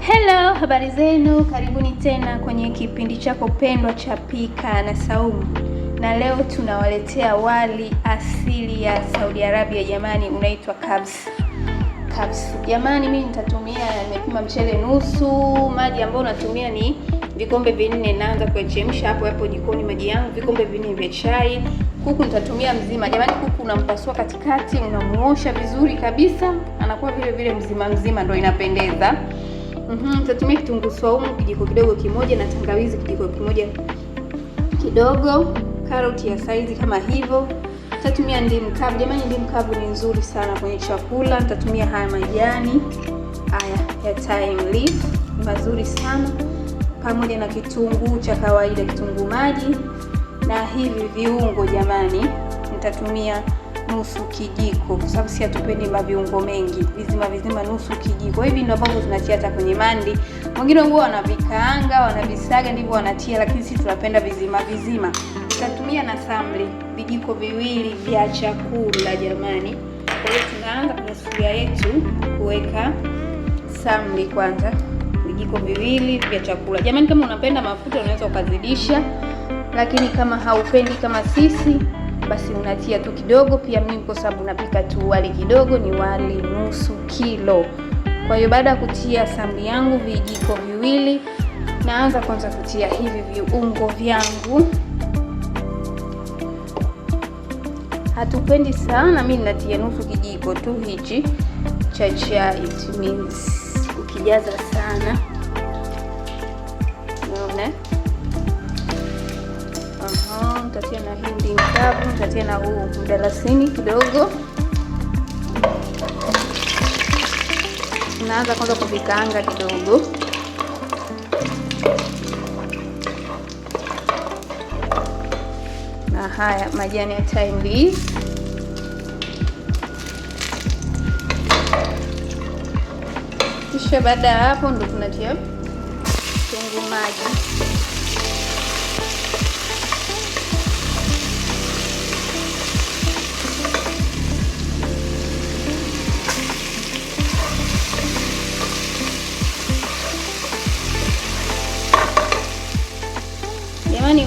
Hello, habari zenu, karibuni tena kwenye kipindi chako pendwa cha Pika na Saumu, na leo tunawaletea wali asili ya Saudi Arabia. Jamani, unaitwa kabs kabs. Jamani, mimi nitatumia, nimepima mchele nusu. Maji ambayo natumia ni vikombe vinne, naanza kuchemsha hapo hapo jikoni maji yangu, vikombe vinne vya chai. Kuku nitatumia mzima. Jamani, kuku unampasua katikati, unamuosha vizuri kabisa anakuwa vile vile mzima mzima, ndio inapendeza. Mhm, tutatumia kitunguu saumu kijiko kidogo kimoja na tangawizi kijiko kimoja kidogo, karoti ya saizi kama hivyo. Tutatumia ndimu kavu. Jamani, ndimu kavu ni nzuri sana kwenye chakula. Nitatumia haya majani haya ya thyme leaf, mazuri sana pamoja na kitunguu cha kawaida, kitunguu maji na hivi viungo jamani, nitatumia nusu kijiko, kwa sababu si hatupendi maviungo mengi, vizima vizima nusu kijiko. Hivi ndio ambavyo tunatia hata kwenye mandi. Wengine huwa wanavikaanga wanavisaga, ndivyo wanatia, lakini sisi tunapenda vizima vizima. Tutatumia na sambli vijiko viwili vya chakula jamani. Kwa hiyo tunaanza kwenye sufuria yetu kuweka sambli kwanza, vijiko viwili vya chakula jamani. Kama unapenda mafuta unaweza ukazidisha, lakini kama haupendi kama sisi basi unatia tu kidogo. Pia mimi kwa sababu napika tu wali kidogo, ni wali nusu kilo. Kwa hiyo baada ya kutia samli yangu vijiko viwili, naanza kwanza kutia hivi viungo vyangu. Hatupendi sana, mimi natia nusu kijiko tu hichi cha chai, it means ukijaza sana nitatia na hindi mkavu, nitatia na huu mdalasini kidogo. Naanza kwanza kuvikaanga kidogo na haya majani ya thyme leaves kisha baada ya hapo ndo tunatia kitunguu maji.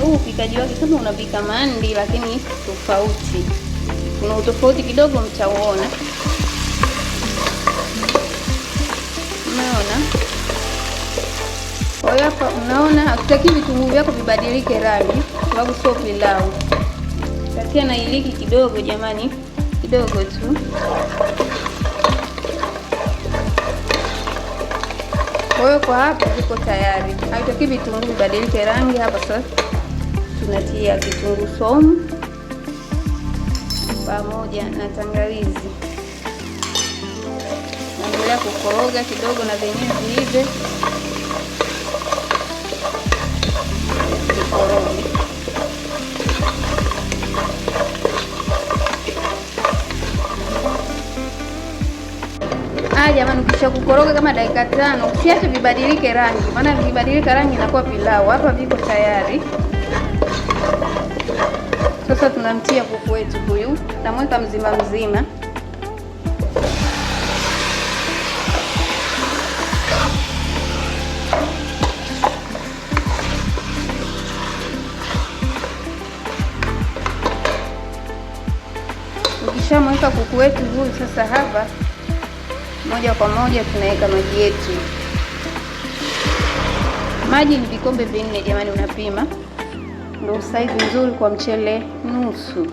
huu upikaji wake kama unapika mandi, lakini tofauti, kuna utofauti kidogo mtauona. Unaona, Kwa hiyo hapa unaona hakutaki vitunguu vyako vibadilike rangi, sababu sio pilau. Tatia na iliki kidogo, jamani, kidogo tu Kwa hiyo kwa hapa ziko tayari, haitaki vitunguu vibadilike rangi hapa sasa tunatia kitunguu saumu pamoja na tangawizi. Naendelea kukoroga kidogo na vyenyewe viive vikoroge. Ah, jamani, ukisha kukoroga kama dakika tano, usiache vibadilike rangi, maana vibadilika rangi inakuwa pilau. Hapa viko tayari. Sasa tunamtia kuku wetu huyu, mweka mzima mzima. Ukishamweka kuku wetu huyu sasa, hapa moja kwa moja tunaweka maji yetu. Maji ni vikombe vinne, jamani, unapima ndo saizi nzuri kwa mchele nusu.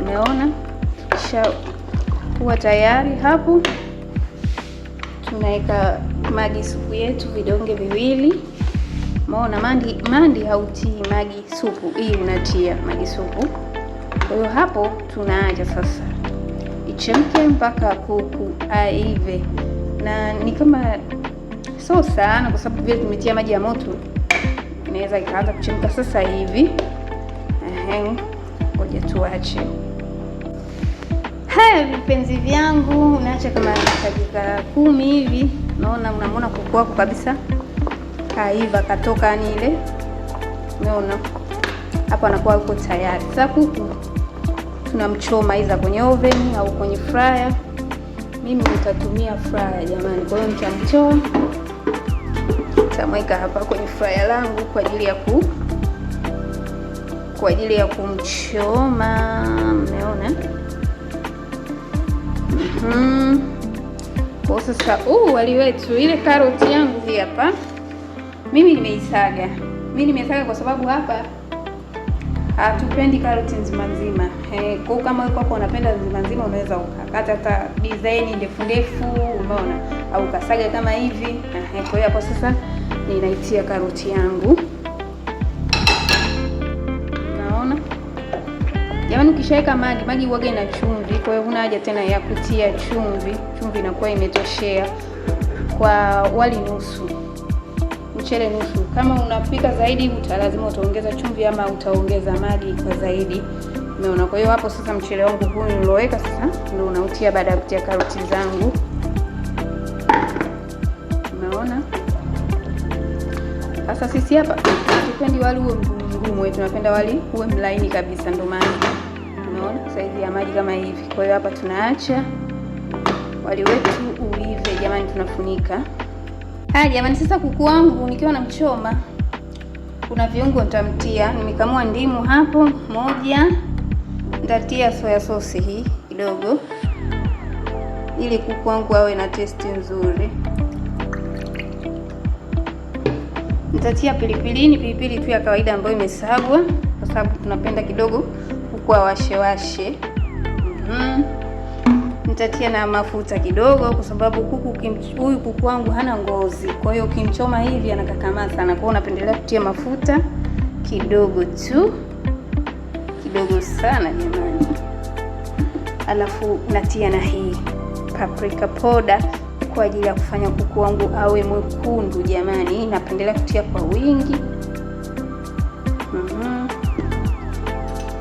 Umeona, kuwa tayari hapo. Tunaweka magi supu yetu vidonge viwili. Umeona, mandi mandi hautii magi supu, hii unatia magi supu. Kwa hiyo hapo tunaacha sasa ichemke mpaka kuku aive, na ni kama sio sana, kwa sababu vile tumetia maji ya moto, inaweza ikaanza kuchemka sasa hivi. Ngoja tuache haya, vipenzi vyangu, unaacha kama dakika kumi hivi. Naona unamwona kuku wako kabisa kaiva, katoka yani ile, umeona hapo, anakuwa yuko tayari. Sasa kuku tunamchoma iza kwenye oven au kwenye fryer. Mimi nitatumia fryer jamani, kwa hiyo nitamchoma nitamweka hapa kwenye fryer langu kwa ajili ya ku kwa ajili ya kumchoma. Mmeona? mm -hmm. Sasa uh, wali wetu, ile karoti yangu hii hapa mimi nimeisaga, mimi nimesaga kwa sababu hapa hatupendi ah, karoti nzima nzima. Eh, kwa kama wewe kwako unapenda nzima nzima, unaweza ukakata hata design ndefu ndefu, umeona, au ukasaga kama hivi. Eh, kwa hiyo hapo sasa ninaitia karoti yangu. Naona jamani, ukishaweka maji maji uoge na chumvi, kwa hiyo huna haja tena ya kutia chumvi. Chumvi inakuwa imetoshea kwa wali nusu mchele nusu. Kama unapika zaidi, lazima utaongeza chumvi ama utaongeza maji kwa zaidi. Umeona? Kwa hiyo hapo sasa mchele wangu huu niloweka sasa ndio unautia baada ya kutia karoti zangu. Umeona? Sasa sisi hapa tupendi wali uwe mgumu, tunapenda wali uwe mlaini kabisa, ndio maana umeona saizi ya maji kama hivi. Kwa hiyo hapa tunaacha wali wetu uive, jamani, tunafunika Haya jamani, sasa kuku wangu nikiwa namchoma, kuna viungo nitamtia. Nimekamua ndimu hapo moja, nitatia soya sosi hii kidogo, ili kuku wangu awe na testi nzuri. Nitatia pilipilini, pilipili tu ya kawaida ambayo imesagwa, kwa sababu tunapenda kidogo kuku awashewashe. mm -hmm nitatia na mafuta kidogo, kwa sababu kuku huyu kuku wangu hana ngozi, kwa hiyo ukimchoma hivi anakakamaa sana. Kwa hiyo napendelea kutia mafuta kidogo tu, kidogo sana jamani. Alafu natia na hii paprika powder kwa ajili ya kufanya kuku wangu awe mwekundu jamani, napendelea kutia kwa wingi mm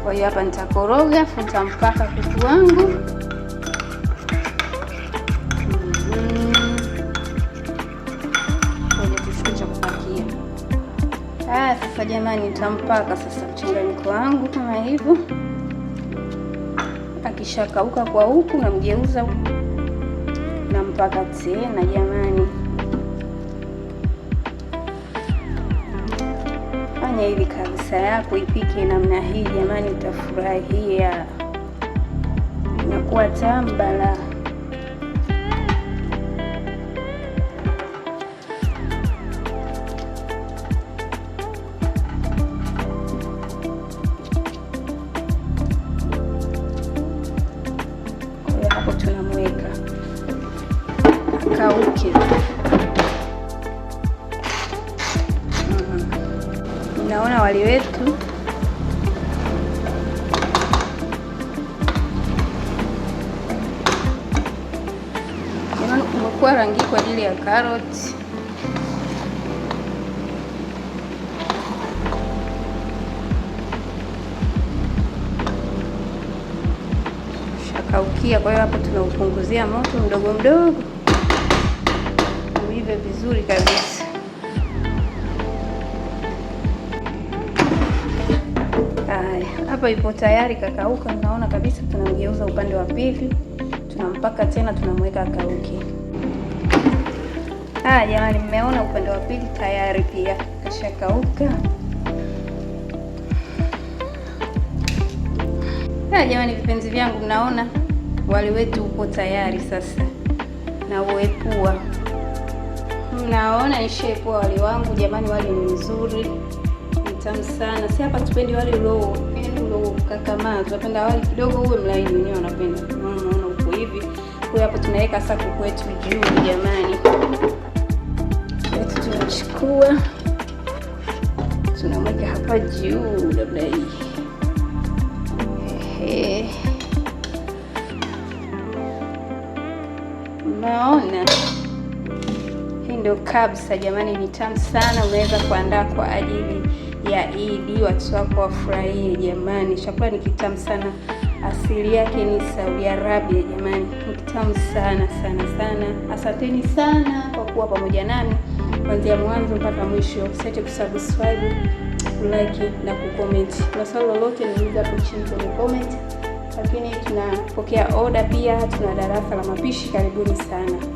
Kwa hiyo hapa nitakoroga futa mpaka kuku wangu. Haya sasa jamani, nitampaka sasa mchanganyiko wangu kama hivyo. Akishakauka kwa huku, namgeuza huku, nampaka tena jamani. Fanya hivi kabisa yako ipike namna hii jamani, utafurahia, inakuwa tamu balaa. Nachukua rangi kwa ajili ya karoti. Shakaukia, kwa hiyo hapo tunaupunguzia moto mdogo mdogo uive vizuri kabisa. hapa ipo tayari kakauka, unaona kabisa. Tunamgeuza upande wa pili, tunampaka tena, tunamweka akauke. Ah, jamani, mmeona upande wa pili tayari pia kashakauka. Ah, jamani, vipenzi vyangu, mnaona wali wetu upo tayari sasa, uepua. Mnaona nishaepua wali wangu jamani, wali ni mzuri, mtamu sana. Si hapa tupendi wali ulo kakamaa, tunapenda wali kidogo uwe mlaini, wenyewe wanapenda. Unaona uko hivi, kwa hapo tunaweka saku kwetu juu jamani tunachukua tunamweka hapa juu, labda hii. Unaona, hii ndio kabsa jamani, ni tamu sana. Unaweza kuandaa kwa ajili ya Idi, watu wako wafurahie. Jamani, chakula ni kitamu sana, asili yake ni Saudi Arabia. Jamani, ni kitamu sana sana sana. Asanteni sana kwa kuwa pamoja nami kuanzia mwanzo mpaka mwisho. Usiache kusubscribe, kulike na kucomment. Kuna swali lolote niuliza hapo chini kwenye comment, lakini tunapokea oda pia, tuna darasa la mapishi. Karibuni sana.